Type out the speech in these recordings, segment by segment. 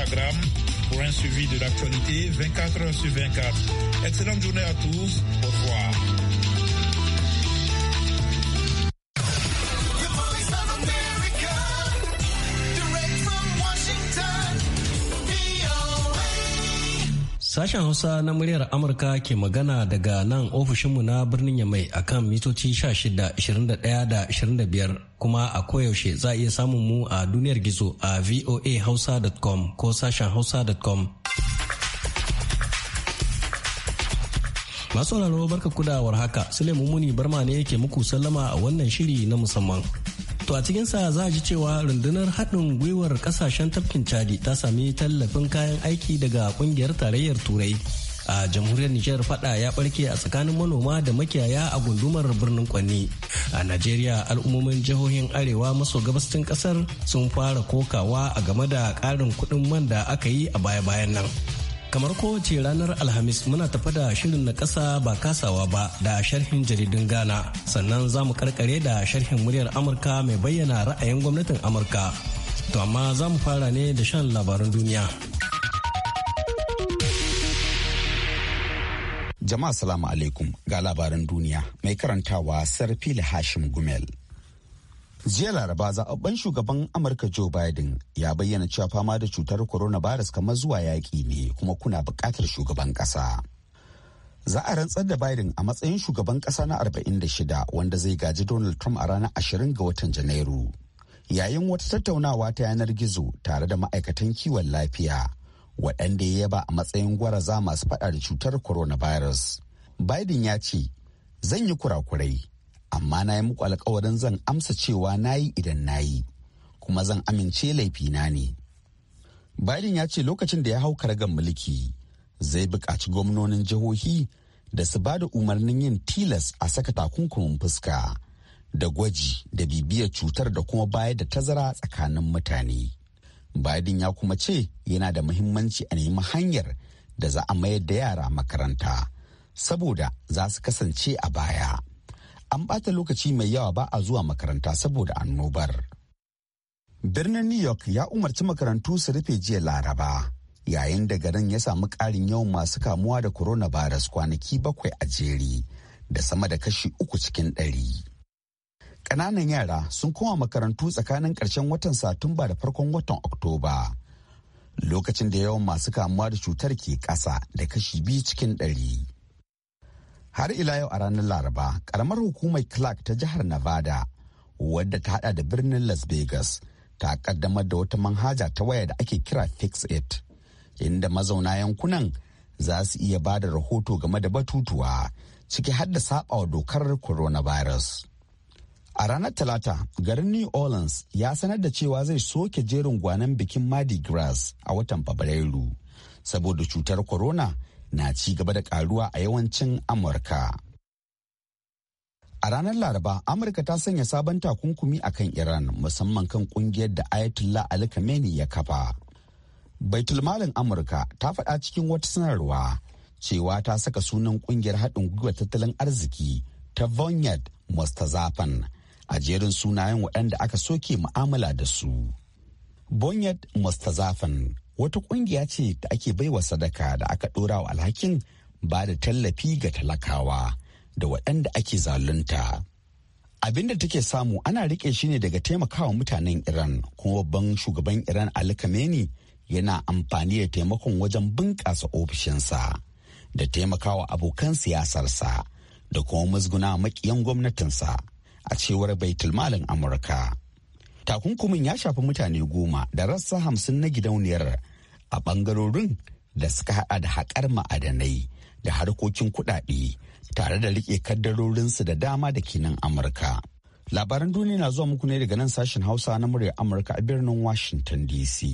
Instagram pour un suivi de l'actualité 24 h sur 24. Excellente journée à tous. Au revoir. Sashen Hausa na muryar Amurka ke magana daga nan ofishinmu na birnin Yamai akan mitoci 16, 21 da 25 kuma a koyaushe za a iya samun mu a duniyar gizo a voahausa.com ko sashen hausa.com. Masu barka kudawar haka, Suleiman Muni Barma ne yake muku sallama a wannan shiri na musamman. To a cikinsa za a ji cewa rundunar haɗin gwiwar ƙasashen tafkin Chadi ta sami tallafin kayan aiki daga ƙungiyar tarayyar Turai. a jamhuriyar nijar fada ya barke a tsakanin manoma da makiyaya a gundumar birnin kwanni a najeriya al'ummomin jihohin arewa maso gabashin ƙasar sun fara kokawa a game da ƙarin kuɗin man da aka yi a baya-bayan nan kamar kowace ranar alhamis muna tafa da shirin na ƙasa ba kasawa ba da sharhin jaridun ghana sannan za mu karkare da sharhin muryar amurka mai bayyana ra'ayin gwamnatin amurka to amma za mu fara ne da shan labaran duniya jama'a salamu alaikum ga labaran duniya mai karantawa sarfili hashim gumel Jiya Laraba zaɓaɓɓen shugaban Amurka Joe Biden ya bayyana cewa fama da cutar coronavirus kamar zuwa yaƙi ne kuma kuna buƙatar shugaban ƙasa. Za a rantsar da Biden a matsayin shugaban ƙasa na 46 wanda zai gaji Donald Trump a ranar 20 ga watan Janairu. Yayin wata tattaunawa ta yanar gizo tare da ma'aikatan kiwon lafiya waɗanda ya yaba a matsayin gwaraza masu faɗa da cutar coronavirus. Biden ya ce, zan yi kurakurai amma na yi muku alkawarin zan amsa cewa na yi idan na yi kuma zan amince laifina ne biden ya ce lokacin da ya hau karagar mulki zai buƙaci gwamnonin jihohi da su ba da umarnin yin tilas a saka takunkumin fuska da gwaji da bibiyar cutar da kuma bayar da tazara tsakanin mutane biden ya kuma ce yana da muhimmanci a nemi hanyar da za a mayar da yara makaranta saboda za su kasance a baya an ɓata lokaci mai yawa ba a zuwa makaranta saboda annobar. Birnin New York ya umarci makarantu su rufe jiya Laraba, yayin da garin ya samu ƙarin yawan masu kamuwa da corona coronavirus kwanaki bakwai a jeri da sama da kashi uku cikin ɗari. Ƙananan yara sun koma makarantu tsakanin ƙarshen watan Satumba da farkon watan Oktoba. Lokacin da yawan masu kamuwa da cutar ke ƙasa da kashi biyu cikin ɗari. har ila yau a ranar laraba karamar hukumar clark ta jihar nevada wadda ta hada da birnin las vegas ta kaddamar da wata manhaja ta waya da ake kira fix it inda mazauna yankunan za su iya ba da rahoto game da batutuwa ciki har da saba dokar coronavirus a ranar talata garin new orleans ya sanar da cewa zai soke jerin gwanan bikin mardi gras a watan fabrairu saboda cutar corona na ci gaba da karuwa a yawancin amurka a ranar laraba amurka ta sanya sabon takunkumi a kan iran musamman kan kungiyar da ayatollah ali khamenei ya kafa baitulmalin amurka ta faɗa cikin wata sanarwa cewa ta saka sunan kungiyar haɗin gwiwa tattalin arziki ta vonyard mustazafan a jerin sunayen waɗanda aka soke mu'amala da su Bonyet Mustazafan wata kungiya ce da ake baiwa sadaka da aka dora wa alhakin ba da tallafi ga talakawa da waɗanda ake zalunta. Abin da take samu ana riƙe shi ne daga taimakawa mutanen Iran kuma babban shugaban Iran Ali Khamenei yana amfani da taimakon wajen bunƙasa ofishinsa da taimakawa abokan siyasarsa da kuma musguna maƙiyan gwamnatinsa a cewar baitulmalin Amurka. takunkumin ya shafi mutane goma da rassa hamsin na gidauniyar a bangarorin da suka hada da haƙar ma'adanai da harkokin kuɗaɗe tare da riƙe kaddarorinsu da dama da ke amurka labaran duniya na zuwa muku ne daga nan sashen hausa na murya amurka a birnin washington dc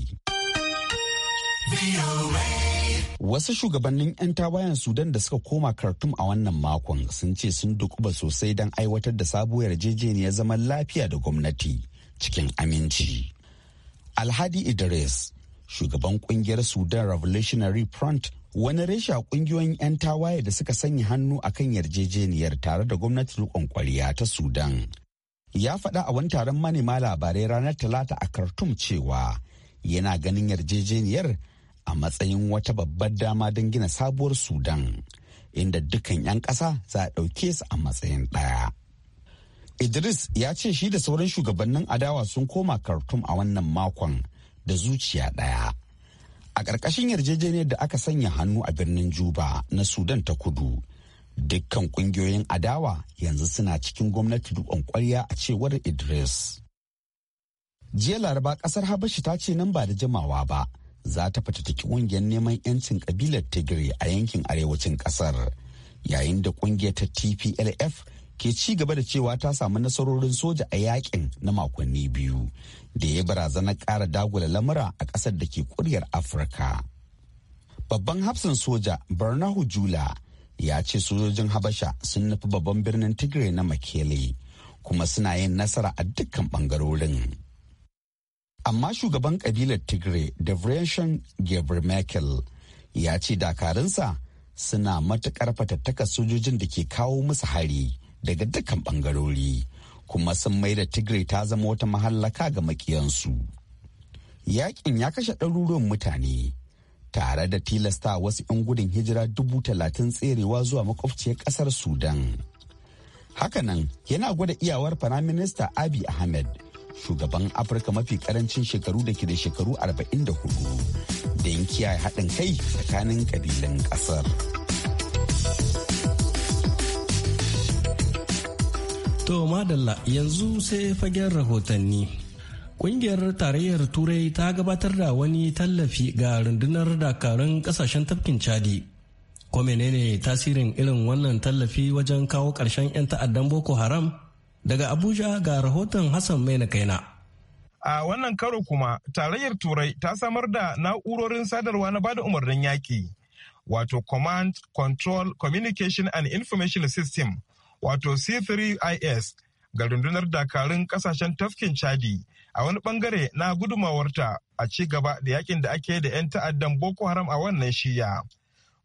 Wasu shugabannin 'yan tawayen Sudan da suka koma Khartoum a wannan makon sun ce sun dukuba sosai don aiwatar da sabuwar yarjejeniyar zaman lafiya da gwamnati cikin aminci. Alhadi Idris, shugaban kungiyar Sudan Revolutionary Front wani reshe a kungiyoyin 'yan tawaye da suka sanya hannu a kan yarjejeniyar tare da gwamnatin riƙon kwariya ta Sudan. Ya faɗa a wani taron manema labarai ranar Talata a Khartoum cewa yana ganin yarjejeniyar a matsayin wata babbar dama don gina sabuwar Sudan, inda dukkan 'yan ƙasa za a ɗauke su a matsayin ɗaya. Idris ya ce shi da sauran shugabannin adawa sun koma Khartoum a wannan makon da zuciya ɗaya. A ƙarƙashin yarjejeniyar da aka sanya hannu a birnin Juba na Sudan ta kudu, dukkan ƙungiyoyin adawa yanzu suna cikin gwamnati dukan ƙwarya a cewar Idris. Jiya Laraba ƙasar Habashi ta ce nan ba da jimawa ba, za ta fatattaki ƙungiyar neman 'yancin ƙabilar Tigray a yankin arewacin ƙasar, yayin da ƙungiyar ta TPLF ke ci gaba da cewa ta samu nasarorin soja a yakin na makonni biyu da ya barazana kara dagula lamura a ƙasar da ke kuryar afirka babban hafsan soja barnahu jula ya ce sojojin habasha sun nufi babban birnin tigray na makele kuma suna yin nasara a dukkan bangarorin amma shugaban kabilar tigray da gabriel merkel ya ce dakarunsa suna matukar fatattaka sojojin da ke kawo musu hari daga dukkan bangarori kuma sun mai da tigray ta zama wata mahallaka ga makiyansu yakin ya kashe ɗaruruwan mutane tare da tilasta wasu 'yan gudun hijira dubu talatin tserewa zuwa makwabciyar ƙasar sudan hakanan yana gwada iyawar firaminista abi ahmed shugaban afirka mafi karancin shekaru da ke da shekaru 44 don kiyaye haɗin kai tsakanin ƙabilan ƙasar. To madalla yanzu sai fagen rahotanni. Ƙungiyar tarayyar Turai ta gabatar da wani tallafi ga rundunar dakarun kasashen tafkin Chadi. Ko menene tasirin irin wannan tallafi wajen kawo ƙarshen 'yan ta'addan Boko Haram? Daga Abuja ga rahoton Hassan mai na Kaina. A wannan karo kuma tarayyar Turai ta samar da na'urorin sadarwa na bada umarnin yaƙi. Wato Command, Control, Communication and Information System wato C3IS ga rundunar dakarun kasashen tafkin Chadi a wani bangare na gudumawarta a ci gaba da yakin da ake da 'yan ta'addan Boko Haram a wannan shiya.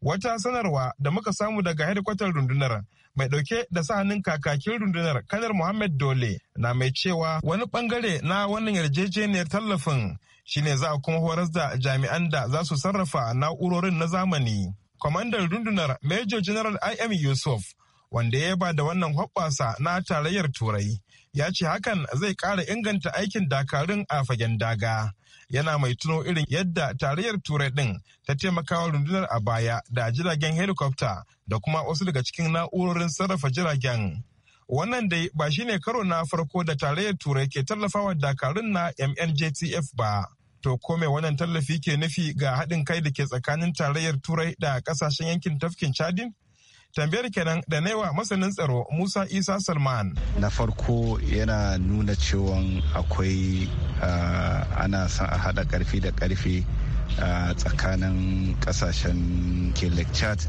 Wata sanarwa da muka samu daga hedikwatar rundunar mai dauke da sahanin kakakin rundunar kanar Muhammad Dole na mai cewa wani bangare na wannan yarjejeniyar tallafin shine za a kuma horas da jami'an da za su sarrafa na'urorin na zamani. Kwamandan rundunar Major General IM Yusuf wanda ya ba da wannan hoɓɓasa na tarayyar turai ya ce hakan zai ƙara inganta aikin dakarun a fagen daga yana mai tuno irin yadda tarayyar turai ɗin ta taimakawa rundunar a baya da jiragen helikofta da kuma wasu daga cikin na'urorin sarrafa jiragen wannan dai ba shine karo na farko da tarayyar turai ke tallafawa dakarun na mnjtf ba to ko wannan tallafi ke nufi ga haɗin kai da ke tsakanin tarayyar turai da ƙasashen yankin tafkin chadin tambayar kenan da naiwa masanin tsaro musa isa salman na farko yana nuna cewa akwai ana son a hada karfi da karfi a tsakanin ƙasashen kelek chat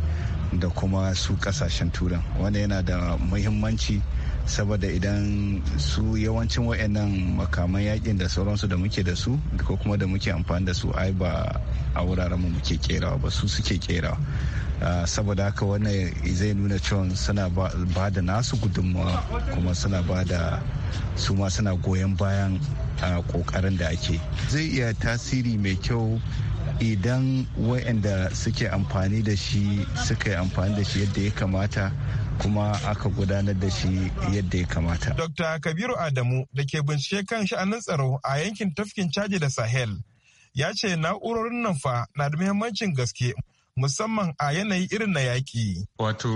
da kuma su kasashen turan wanda yana da muhimmanci saboda idan su yawancin wa'annan makaman yakin da sauransu da muke da su ko kuma da muke amfani da su ai ba a wuraren mu muke kerawa ba su suke kerawa Ah, saboda haka wannan zai nuna cewa suna ba da nasu gudunmawa kuma suna ba da su ma suna goyon bayan kokarin ah, da ake zai iya tasiri mai kyau idan wayanda suke amfani da shi suka yi amfani da shi yadda ya kamata kuma aka gudanar da shi yadda ya kamata. Dr. Kabiru Adamu da ke bincike kan sha'anin tsaro a yankin tafkin caji da Sahel ya ce na'urorin nan fa na da muhimmancin gaske musamman a yanayi irin na yaƙi. Wato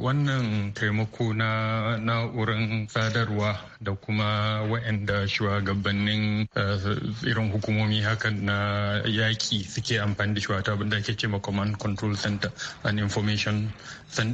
wannan taimako na na'urin sadarwa da kuma waɗanda shugabannin eh, irin hukumomi hakan na yaƙi suke amfani da shi wata abin da ake ce command control center and information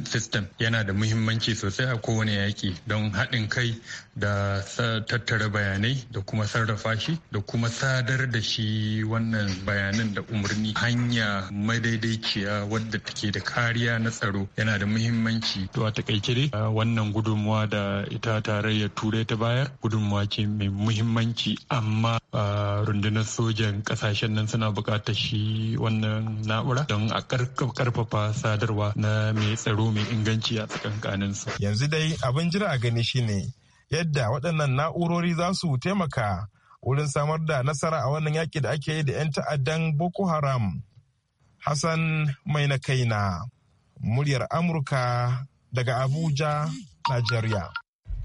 system yana da muhimmanci sosai a kowane yaƙi don haɗin kai da tattara bayanai da kuma sarrafa shi da kuma sadar da shi wannan bayanan da umarni hanya madaidaiciya wadda take da kariya na tsaro yana da muhimmanci to a takaice dai wannan gudunmuwa da ita tarayyar turai ta bayar gudunmuwa ce mai muhimmanci amma rundunar sojan kasashen nan suna buƙatar shi wannan na'ura don a ƙarfafa sadarwa na mai tsaro mai inganci a tsakankaninsu. Yanzu dai abin jira a gani shine yadda waɗannan na'urori za su taimaka wurin samar da nasara a wannan yaƙi da ake yi da 'yan ta'addan Boko Haram. Hassan mai na kaina, muryar Amurka daga Abuja, Najeriya.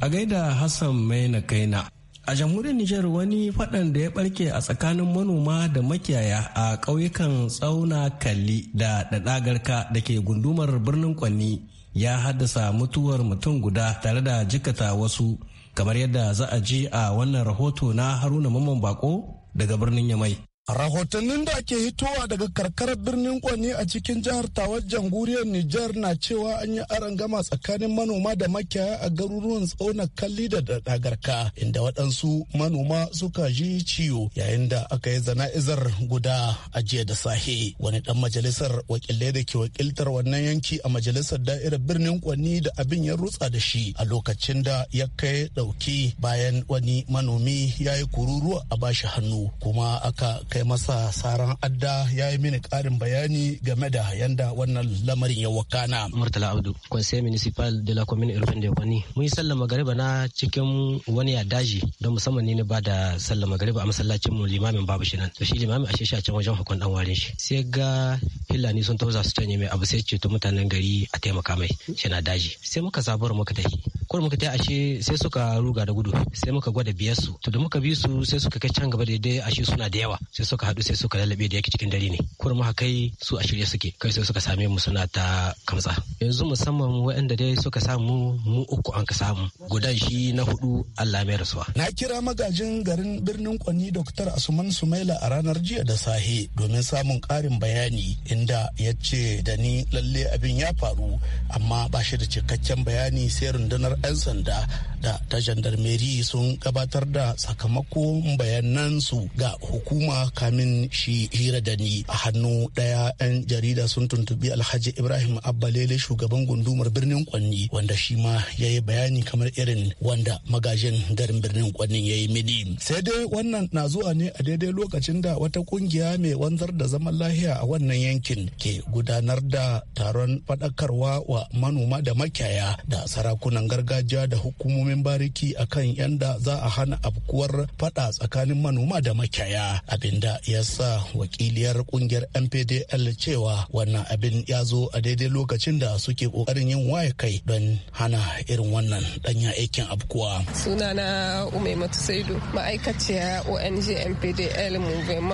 A gaida Hassan mai na kaina. A jamhuriyar Nijar wani faɗan da ya barke a tsakanin manoma da makiyaya a ƙauyukan tsauna kalli da ɗaɗagarka da ke gundumar birnin Kwanni ya haddasa mutuwar mutum guda tare da jikata wasu kamar yadda za a ji a wannan rahoto na Haruna Mamman Bako daga birnin Yamai. Rahotannin da ake hitowa daga karkarar birnin Kwani a cikin jihar Tawar janguriyar Nijar na cewa an yi gama tsakanin manoma da makiyaya a garuruwan tsona kalli da dagarka inda waɗansu manoma suka ji ciwo yayin da aka yi zana'izar guda a jiya da sahe. Wani ɗan majalisar wakilai da ke wakiltar wannan yanki a majalisar da'irar birnin Kwani da abin ya rutsa da shi a lokacin da ya kai ɗauki bayan wani manomi ya yi kururuwa a bashi hannu kuma aka kai masa saran adda ya yi mini karin bayani game da yanda wannan lamarin ya wakana. Murtala Abdu, Conseil Municipal de la Commune Urbaine de Kwani. Mun yi sallama gariba na cikin wani daji don musamman ne ba da sallama gariba a masallacin mu limamin babu shi nan. To shi limamin a shi a can wajen hukun dan warin shi. Sai ga Fulani sun tauza su canye mai abu sai ceto mutanen gari a taimaka mai shi na daji. Sai muka sabuwar muka tafi. Kwar muka tafi ashe sai suka ruga da gudu sai muka gwada biyar su. To da muka bi su sai suka kai can gaba daidai ashe suna da yawa. Sai suka haɗu sai suka lalabe da yake cikin dare ne kurma haka kai su a shirye suke kai sai suka same mu suna ta kamsa yanzu musamman waɗanda dai suka samu mu uku an ka samu gudan shi na hudu Allah mai rasuwa na kira magajin garin birnin kwani Dr. Asuman Sumaila a ranar jiya da sahe domin samun ƙarin bayani inda ya ce da ni lalle abin ya faru amma ba shi da cikakken bayani sai rundunar 'yan sanda da ta jandarmeri sun gabatar da sakamakon bayanansu ga hukuma kamin shi hira da ni a hannu ɗaya 'yan jarida sun tuntubi alhaji ibrahim abbalele shugaban gundumar birnin kwanni wanda shi ma ya yi bayani kamar irin wanda magajin garin birnin kwanni ya yi mini sai dai wannan na zuwa ne a daidai lokacin da wata kungiya mai wanzar da zaman lahiya a wannan yankin ke gudanar da taron faɗakarwa wa manoma da makiyaya da sarakunan gargajiya da hukumomin bariki akan yanda za a hana afkuwar faɗa tsakanin manoma da makiyaya abin da ya sa wakiliyar kungiyar mpdl cewa wannan abin ya zo a daidai lokacin da suke kokarin yin waye kai don hana irin wannan danya aikin abkuwa sunana umaimatu saidu ma'aikaciya ong mpdl movement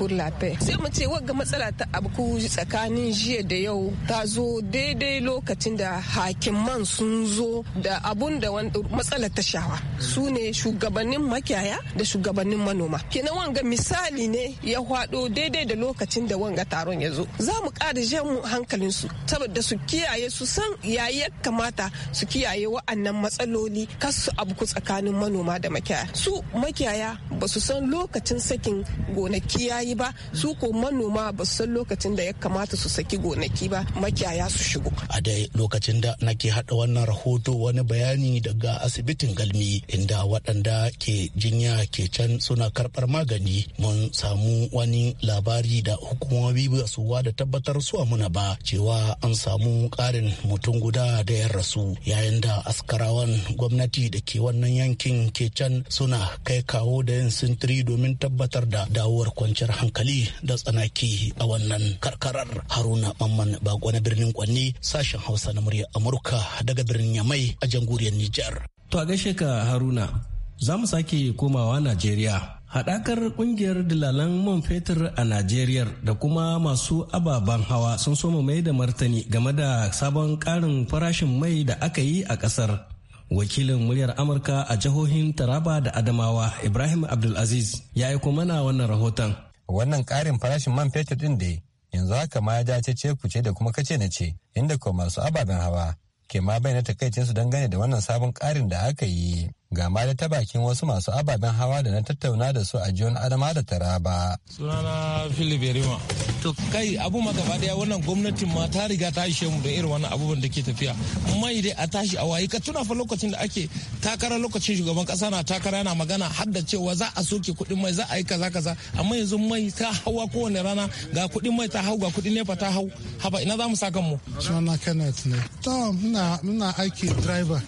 pour la paix sai mu ce wagga matsala ta abku tsakanin jiya da yau ta zo daidai lokacin da hakiman sun zo da abun da matsalar ta shawa su ne shugabannin makiyaya da shugabannin manoma kenan wanga misali misali ne ya hwado daidai da lokacin da wanga taron ya zo za mu ƙara jan hankalin su saboda su kiyaye su san yayi ya kamata su kiyaye wa'annan matsaloli kas su abu tsakanin manoma da makiyaya su makiyaya ba su san lokacin sakin gonaki yayi ba su ko manoma ba su san lokacin da ya kamata su saki gonaki ba makiyaya su shigo a dai lokacin da nake hada wannan rahoto wani bayani daga asibitin galmi inda waɗanda ke jinya ke can suna karɓar magani mun an samu wani labari da hukumomi ba su da tabbatar suwa muna ba cewa an samu karin mutum guda da ya rasu yayin da askarawan gwamnati da ke wannan yankin ke can suna kai kawo da yin sintiri domin tabbatar da dawowar kwanciyar hankali da tsanaki a wannan karkarar haruna mamman ba na birnin kwanne sashen hausa na murya amurka daga birnin yamai a jamhuriyar nijar to a gaishe ka haruna za mu sake komawa najeriya Haɗakar ƙungiyar dilalan man fetur a Najeriya da kuma masu ababen hawa sun soma mai da martani game da sabon ƙarin farashin mai da aka yi a ƙasar. Wakilin muryar Amurka a jihohin Taraba da Adamawa Ibrahim Abdulaziz ya aiko mana wannan rahoton. Wannan ƙarin farashin man fetur ɗin da yanzu haka ma ya dace ce kuce da kuma kace na ce inda ko masu ababen hawa ke ma bayyana takaicinsu dangane da wannan sabon ƙarin da aka yi. ga da ta bakin wasu masu ababen hawa da na tattauna da su a jiyon adama da taraba. sunana philip yarima to kai abu ma gaba daya wannan gwamnatin ma ta riga ta ishe mu da irin wannan abubuwan da ke tafiya mai dai a tashi a waye ka tuna fa lokacin da ake takara lokacin shugaban kasa na takara yana magana har da cewa za a soke kuɗin mai za a yi kaza kaza amma yanzu mai ta hawa kowane rana ga kuɗin mai ta hau ga kuɗin nefa ta hau haba ina za mu sa kanmu. sunana kenneth ne to muna aiki driver.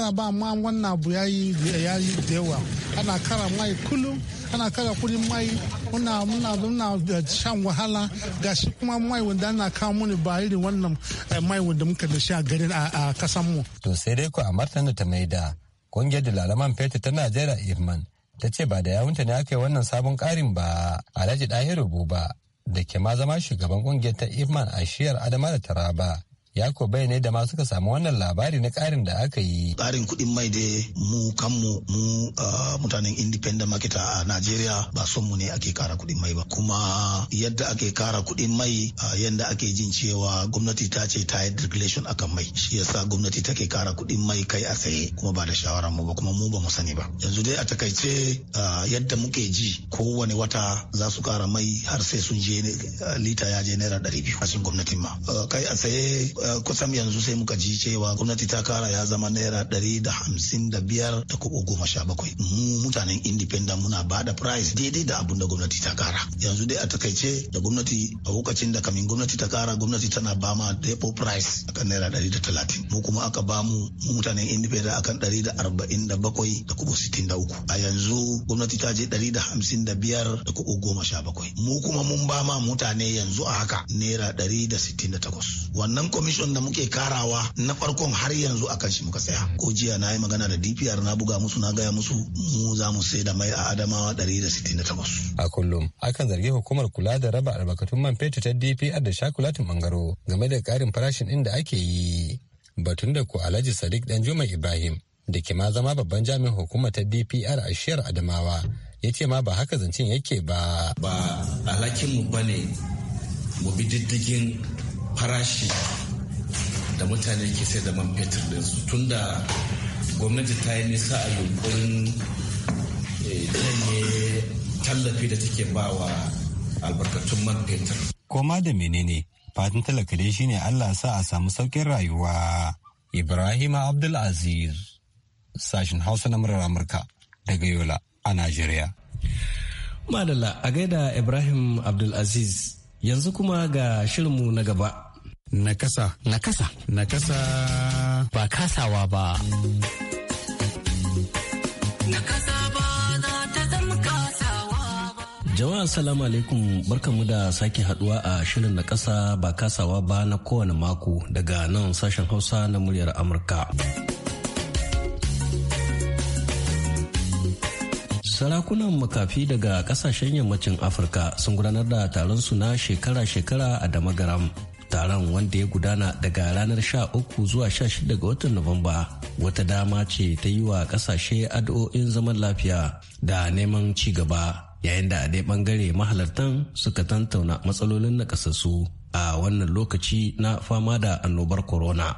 ana ba ma wannan abu ya yi da yawa ana kara mai kullum ana kara kudin mai muna muna muna shan wahala gashi kuma mai wanda ana kawo muni ba irin wannan eh, mai wanda muka da shi a garin a kasan mu to sai dai ku a da ta maida kungiyar dalalaman fetur ta Najeriya Irman ta ce ba da yawunta ne aka yi wannan sabon karin ba Alhaji Dahiru Buba da ke ma zama shugaban kungiyar ta Irman a shiyar Adama da Taraba Yako bai ne da ma suka samu wannan labari na karin da aka yi. Tsarin kuɗin mai dai mu kanmu mu mutanen independent market a Najeriya ba son mu ne ake kara kuɗin mai ba. Kuma yadda ake kara kuɗin mai yadda ake jin cewa gwamnati ta ce ta yi regulation akan mai. Shi yasa gwamnati take kara kuɗin mai kai a tsaye kuma ba da shawarar mu ba kuma mu ba mu sani ba. Yanzu dai a takaice yadda muke ji kowane wata za su kara mai har sai sun je lita ya je naira ɗari biyu. Kashin gwamnatin ma. Kai a tsaye kusan yanzu sai muka ji cewa gwamnati ta kara ya zama naira ɗari da hamsin da biyar da kobo goma sha bakwai mu mutanen independent muna ba da price daidai da abun da gwamnati ta kara yanzu dai a takaice da gwamnati a lokacin da kamin gwamnati ta kara gwamnati tana ba ma depo price akan naira ɗari da talatin mu kuma aka ba mu mutanen independent akan ɗari da arba'in da bakwai da kobo sittin da uku a yanzu gwamnati ta je ɗari da hamsin da biyar da kobo goma sha bakwai mu kuma mun ba ma mutane yanzu a haka naira ɗari da sittin da takwas wannan commission da muke karawa na farkon har yanzu akan shi muka saya ko jiya na yi magana da DPR na buga musu na gaya musu mu za mu sai da mai a Adamawa 168 a kullum akan zargi hukumar kula da raba albarkatun man fetur ta DPR da shakulatin bangaro game da karin farashin inda ake yi batun da ku Alhaji Sadiq juma Ibrahim da ke ma zama babban jami'in hukumar ta DPR a shiyar Adamawa ya ce ma ba haka zancen yake ba. Ba alhakinmu ba ne mu bi diddigin farashi da mutane ke sai da man fetur tun da gwamnati ta yi nisa a yunkurin eh, janye tallafi da take bawa albarkatun man fetur. Koma da menene fatan talaka dai shine Allah sa a samu saukin rayuwa. Ibrahim Abdulaziz, sashen Hausa na murar Amurka daga Yola a Najeriya. Madalla a gaida Ibrahim Abdulaziz yanzu kuma ga shirinmu na gaba. Nakasa. Nakasa. Nakasa. Ba kasawa ba. Nakasa ba za ta zama kasawa ba. Jama'a salamu alaikum barkamu da sake haduwa a shirin na kasa ba kasawa ba na kowane mako daga nan sashen Hausa na muryar Amurka. sarakunan makafi daga kasashen yammacin afirka sun gudanar da taron su na shekara-shekara a damagaram taron wanda ya gudana daga ranar 13 zuwa 16 ga watan nuwamba wata dama ce ta yi wa kasashe addu'o'in zaman lafiya da neman ci gaba yayin da a dai bangare mahalartan suka tantauna matsalolin nakasassu a wannan lokaci na fama da annobar corona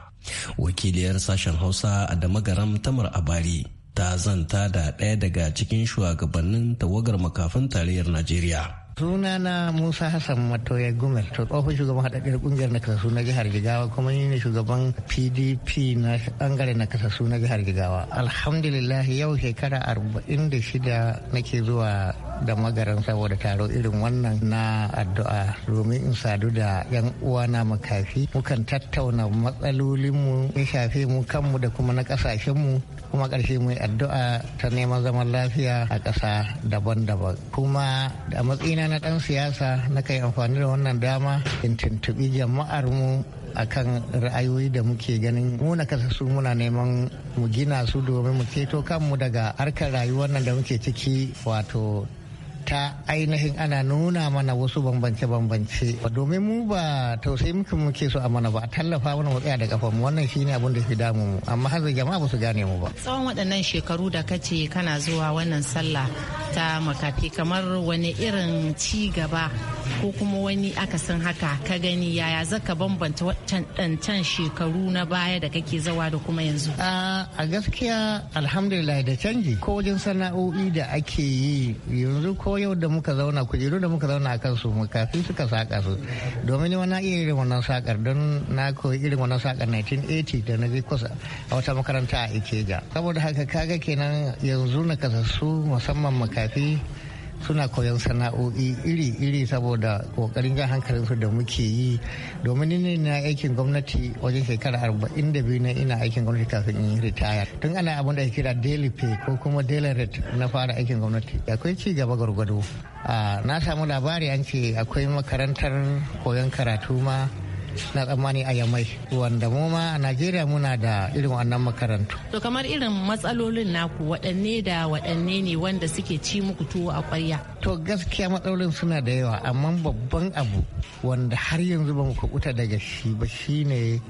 wakiliyar sashen hausa a garam tamar abari ta zanta da ɗaya daga cikin shugabannin tawagar makafin tarayyar najeriya sunana musa hassan matoya gumel to tsohon shugaban haɗaɗɗiyar ƙungiyar nakasassu na jihar jigawa kuma ni ne shugaban pdp na ɓangare nakasassu na jihar jigawa alhamdulillah yau shekara arba'in da shida nake zuwa da magaran saboda taro irin wannan na addu'a domin in sadu da yan uwana makafi mukan tattauna matsalolinmu ya shafe mu kanmu da kuma na ƙasashenmu kuma ƙarshe mai addu'a ta neman zaman lafiya a ƙasa daban-daban kuma a matsina na ɗan siyasa na kai amfani da wannan dama in tuntuɓi jama'ar mu a kan ra'ayoyi da muke ganin muna kasa su muna neman mu gina su domin mu ceto kanmu daga harkar rayuwar nan da muke ciki wato ta ainihin ana nuna mana wasu bambance-bambance domin mu ba tausayi muke muke so a mana ba tallafa mana mu da kafa mu wannan shine abin da ke damu mu amma har jama'a ba su gane mu ba tsawon waɗannan shekaru da kace kana zuwa wannan sallah ta makafi kamar wani irin ci gaba ko kuma wani akasin haka ka gani yaya zaka bambanta wancan shekaru na baya da kake zawa da kuma yanzu a gaskiya alhamdulillah da canji ko wajen sana'o'i da ake yi yanzu ko yau da muka zauna kujeru da muka zauna a kansu makafi suka saka su domin wani iya irin wannan sakar don na koyi irin wannan sakar 1980 da na je kusa a wata makaranta a ikeja saboda haka kaga kenan yanzu na kasassu musamman makafi suna koyon sana'o'i iri-iri saboda kokarin hankalin hankalinsu da muke yi domin ni na aikin gwamnati wajen shekara arba'in da biyu na ina aikin gwamnati kafin in yi ritaya tun ana abin da kira daily pay ko kuma daily rate na fara aikin gwamnati akwai ci gaba gwargwado ah, na samu labari an ce akwai makarantar koyon karatu ma na tsammani a yamai wanda mu ma a najeriya muna da irin wannan makarantu to kamar irin matsalolin naku waɗanne da waɗanne ne wanda suke ci muku tuwo a kwarya to gaskiya matsalolin suna da yawa amma babban abu wanda har yanzu ba mu kubuta daga shi ba shine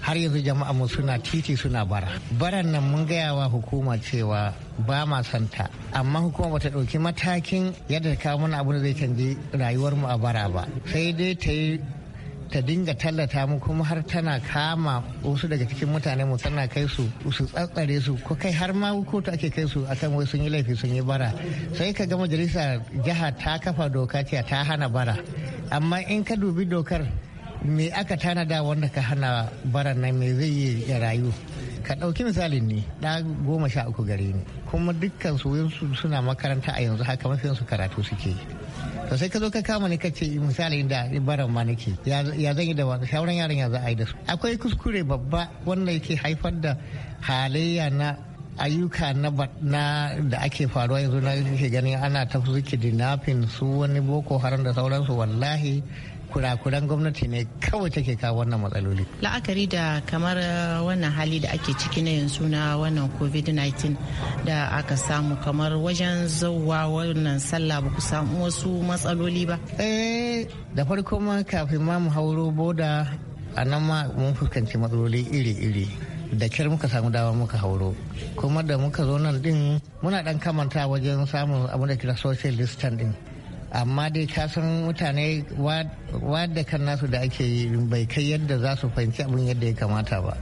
har yanzu jama'a mu suna titi suna bara baran nan mun gaya wa hukuma cewa ba ma santa amma hukuma bata ɗauki matakin yadda ta kawo mana abu da zai canji rayuwar mu a bara ba sai dai ta yi ta dinga tallata mu kuma har tana kama wasu daga cikin mutane mu tana kai su su tsatsare su ko kai har ma kotu ake kai su akan wai sun yi laifi sun yi bara sai ka ga majalisa jiha ta kafa doka ce ta hana bara amma in ka dubi dokar me aka tanada wanda ka hana bara na me zai yi ya rayu ka ɗauki misalin ne ɗa goma sha uku gare ni kuma dukkan su suna makaranta a yanzu haka mafiyansu karatu suke yi to sai ka zo ka kama ni kace misali da ibaran ma nake ya zan yi da shawaran yaran ya za a yi da su akwai kuskure babba wanda yake haifar da halayya na ayyuka na da ake faruwa yanzu na ke ganin ana ta su dinafin su wani boko haram da sauransu wallahi kurakuran gwamnati ne kawai take kawo wannan matsaloli la'akari da kamar uh, wannan hali da ake ciki na yanzu na wannan covid-19 da aka samu kamar wajen zauwa wannan sallah ba ku samu wasu matsaloli ba eh, da farko ma kafin ma mu hauro boda a nan ma mun fuskanci matsaloli iri-iri da kyar muka samu dawa muka hauro kuma da muka zo nan din muna dan kamanta wajen samun abin da kira social distancing amma dai ka san mutane wadda kan nasu da ake yi bai kai yadda za su fahimci abin yadda ya kamata ba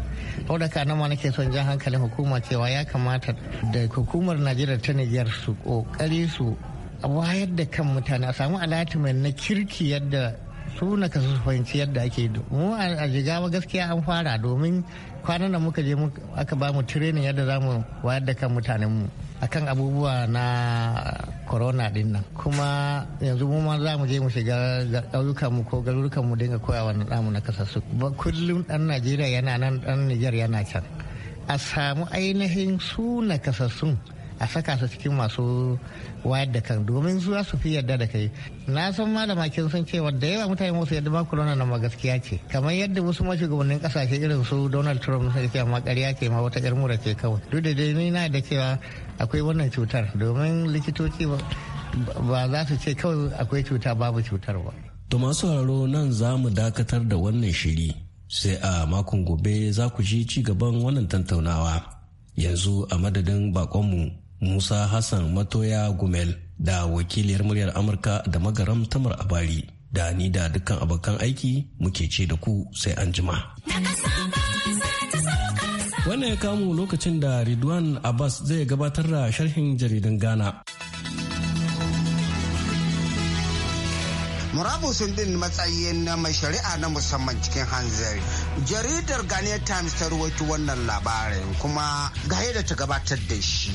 da kanan ma nake son jan hankalin hukuma cewa ya kamata da hukumar najeriya ta niger su kokari su wayar da kan mutane a samu alatimen na kirki yadda su na kasu fahimci yadda ake mu a jigawa gaskiya an fara domin kwanan da muka je aka ba mu training yadda za mu wayar da kan mutanenmu akan abubuwa na corona din nan kuma yanzu mu ma za mu je mu shiga mu ko mu dinga koya wa namu na Ba kullum dan najeriya yana nan dan nijar yana can a samu ainihin su nakasassun a saka su cikin masu wayar da kan domin zuwa su fi yarda da kai na san malama kin san cewa da yawa mutane musu yadda baku corona na gaskiya ce kamar yadda wasu gabanin kasashe irin su donald trump sai ce ma ƙarya ce ma wata ƴar mura ce kawai duk da dai ni na da cewa akwai wannan cutar domin likitoci ba za su ce kawai akwai cuta babu cutar ba to masu sauraro nan za mu dakatar da wannan shiri sai a makon gobe za ku ji ci gaban wannan tattaunawa yanzu a madadin bakonmu Musa Hassan Matoya Gumel da wakiliyar muryar Amurka da magaram Tamar Abari da ni da dukkan abokan aiki muke ce da ku sai an jima. Wannan ya kamu lokacin da Ridwan Abbas zai gabatar da sharhin jaridan Ghana. murabusun din matsayi na mai shari'a na musamman cikin hanzari jaridar ghana times ta ruwaito wannan labarin kuma ga yadda ta gabatar da shi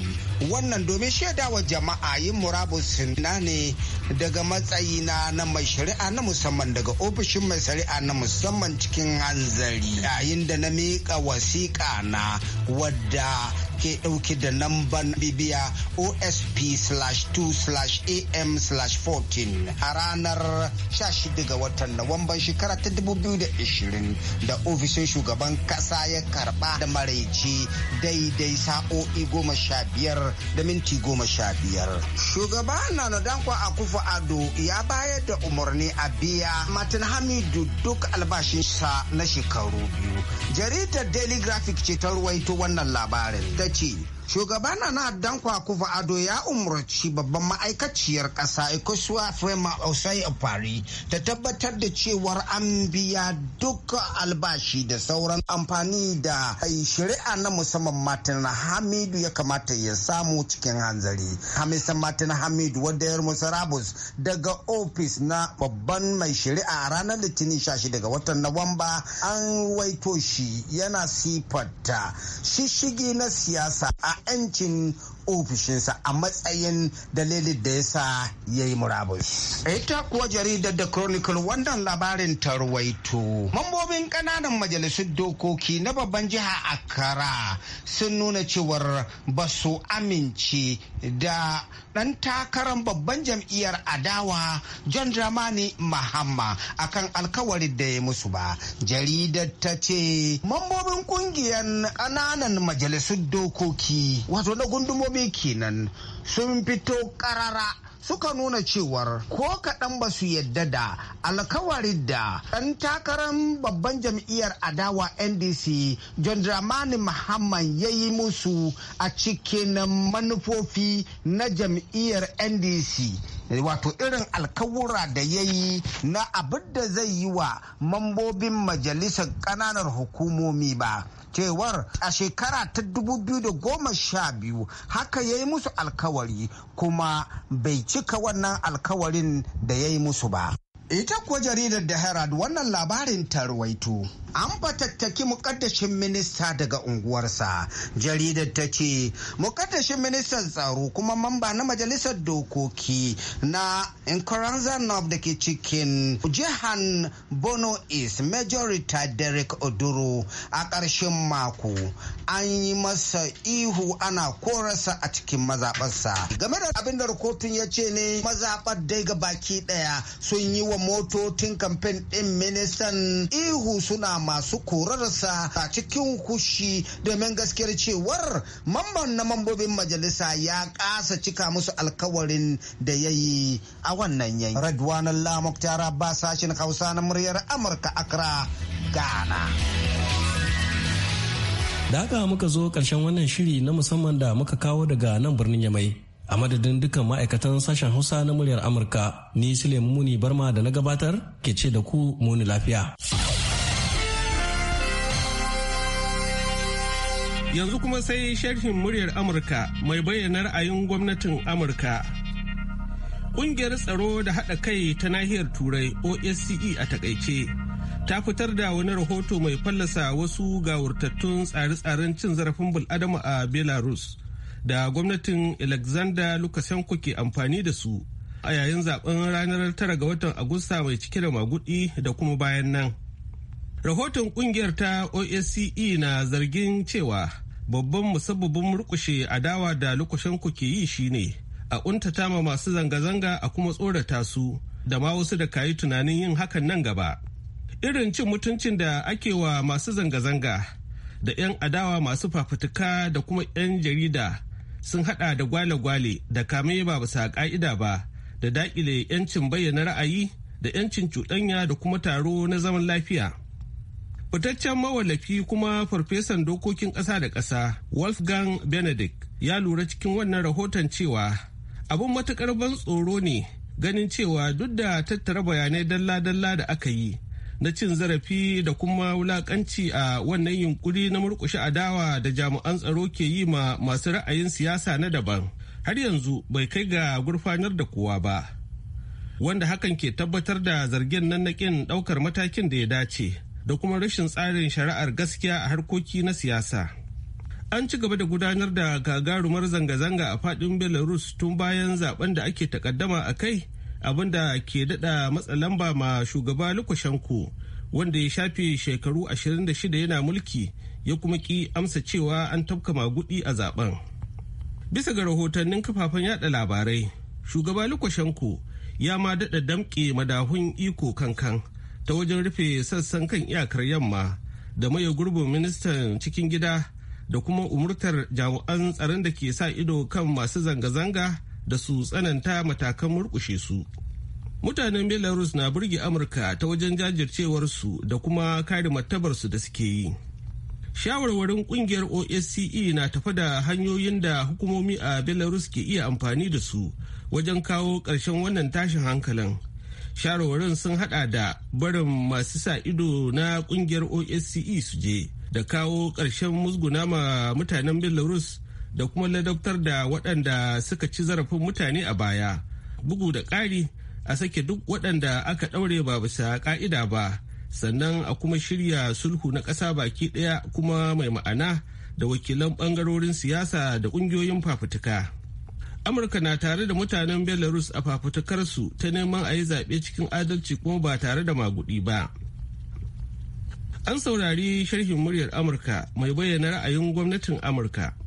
wannan domin shaidawa jama'a yin murabusun na ne daga matsayi na na mai shari'a na musamman daga ofishin mai shari'a na musamman cikin hanzari yayin da na miƙa wasiƙa na wadda ke ɗauke da namban bibiya osp slash 2 slash am slash 14 a ranar 16 ga watan Nuwamban shekara ta 2020 da ofishin shugaban kasa ya karba da maraici. daidai sa'o'i goma sha biyar da minti goma sha biyar. Shugaba Nana a kufa Ado ya bayar da umarni a biya Martin Hamidu duk albashinsa na shekaru biyu. Jaridar Daily Graphic ce ta ruwaito wannan labarin. ya ce shugaba na na dankwa kufa ado ya umarci babban ma'aikaciyar ƙasa ikosua frema osai fari ta tabbatar da cewar an biya duk albashi da sauran amfani da shari'a na musamman martin hamidu ya kamata ya samu cikin hanzari hamisa martin hamidu wadda yar musarabus daga ofis na babban mai shari'a ranar litinin 16 ga watan nawamba an waito shi yana sifata shishigi na siyasa a 'yancin ofishinsa a matsayin dalilin da ya sa ya yi murabus. Ita kuwa jaridar da Chronicle wannan labarin tarwaito. Mambobin ƙananan majalisun dokoki na babban jiha Akara sun nuna cewar ba su amince da ɗan takarar babban jam'iyyar adawa john dramani mahamma akan alkawarin da ya musu ba jaridar ta ce mambobin kungiyar ƙananan majalisun dokoki wato na gundumomi kenan sun fito ƙarara suka nuna cewar ko kaɗan ba su yadda da alkawarin da ɗan takarar babban jam'iyyar adawa ndc john dramani muhammad ya yi musu a cikin manufofi na jam'iyyar ndc wato irin alkawura da ya yi na abin da zai yi wa mambobin majalisar ƙananan hukumomi ba cewar a shekara ta 2012 haka ya yi musu alkawari kuma bai cika wannan alkawarin da ya yi musu ba. Ita kuwa jaridar da Herald wannan labarin ta ruwaito. An fatattaki mukaddashin minista daga unguwarsa. Jaridar ta ce, mukaddashin ministan tsaro kuma mamba na majalisar dokoki na Nkoranza North da ke cikin jihan Bono East Majorita Derek Oduro a ƙarshen mako. An yi masa ihu ana korasa a cikin mazaɓarsa. Game da abin da rikotun ya ce ne mazaɓar dai ga baki ɗaya sun yi wa tuka motocin kamfen ɗin ministan ihu suna masu korarsa a cikin kushi domin gaskiyar cewar mamban na mambobin majalisa ya kasa cika musu alkawarin da ya yi a wannan yanki. Radwanan Lamok Tara ba sashen Hausa na muryar Amurka Accra, Ghana. Da haka muka zo karshen wannan shiri na musamman da muka kawo daga nan birnin Yamai. a madadin dukkan ma'aikatan sashen hausa na muryar amurka ni sule muni barma da na gabatar ke ce da ku muni lafiya yanzu kuma sai sharhin muryar amurka mai bayyana ra'ayin gwamnatin amurka ƙungiyar tsaro da haɗa kai ta nahiyar turai osce a takaice ta fitar da wani rahoto mai fallasa wasu gawurtattun tsare-tsaren cin zarafin bul'adama a belarus da gwamnatin alexander lukashenko ke amfani da su a yayin zaben ranar tara ga watan agusta mai cike da magudi da kuma bayan nan rahoton kungiyar ta osce na zargin cewa babban musabbabin murkushe adawa da lukashenko ke yi shine a untata ma masu zanga-zanga a kuma tsorata su da ma wasu da kayi tunanin yin hakan nan gaba irin cin mutuncin da ake wa masu zanga-zanga da 'yan adawa masu fafutuka da kuma 'yan jarida sun hada da gwale-gwale da kame ba bisa ka'ida ba da dakile 'yancin bayyana ra'ayi da 'yancin cuɗanya da kuma taro na zaman lafiya. Fitaccen mawallafi kuma farfesan dokokin ƙasa da ƙasa Wolfgang Benedict ya lura cikin wannan rahoton cewa abin matuƙar ban tsoro ne ganin cewa duk da tattara bayanai dalla-dalla da aka yi na cin zarafi da kuma wulakanci a wannan yunkuri na murkushe adawa da jami'an tsaro ke yi ma masu ra'ayin siyasa na daban har yanzu bai kai ga gurfanar da kowa ba wanda hakan ke tabbatar da zargin nan na kin daukar matakin da ya dace da kuma rashin tsarin shari'ar gaskiya a harkoki na siyasa an ci gaba da gudanar da gagarumar zanga-zanga a faɗin belarus tun bayan zaben da ake takaddama a kai abinda ke dada matsa lamba ma shugaba Lukashenko wanda ya shafe shekaru 26 yana mulki ya kuma ki amsa cewa an tafka magudi a zaben. Bisa ga rahotannin kafafen yada labarai, shugaba Lukashenko ya ma dada damke madahun iko kankan ta wajen rufe sassan kan iyakar yamma da maye gurbin ministan cikin gida da kuma umurtar jami'an tsaron da ke sa ido kan masu zanga-zanga da su tsananta matakan murkushe su mutanen belarus na burge amurka ta wajen jajircewarsu da kuma kare martabarsu da suke yi shawarwarin kungiyar osce na tafa da hanyoyin da hukumomi a belarus ke iya amfani da su wajen kawo ƙarshen wannan tashin hankalin shawarwarin sun hada da barin masu sa ido na kungiyar osce su je da kawo ƙarshen musguna ma mutanen belarus da kuma ladabtar da waɗanda suka ci zarafin mutane a baya bugu da ƙari a sake duk waɗanda aka ɗaure ba bisa ƙa'ida ba sannan a kuma shirya sulhu na ƙasa baki ɗaya kuma mai ma'ana da wakilan ɓangarorin siyasa da ƙungiyoyin fafutuka. amurka na tare da mutanen belarus a fafutukarsu ta neman a yi zaɓe cikin adalci kuma ba tare da maguɗi ba an saurari sharhin muryar amurka mai bayyana ra'ayin gwamnatin amurka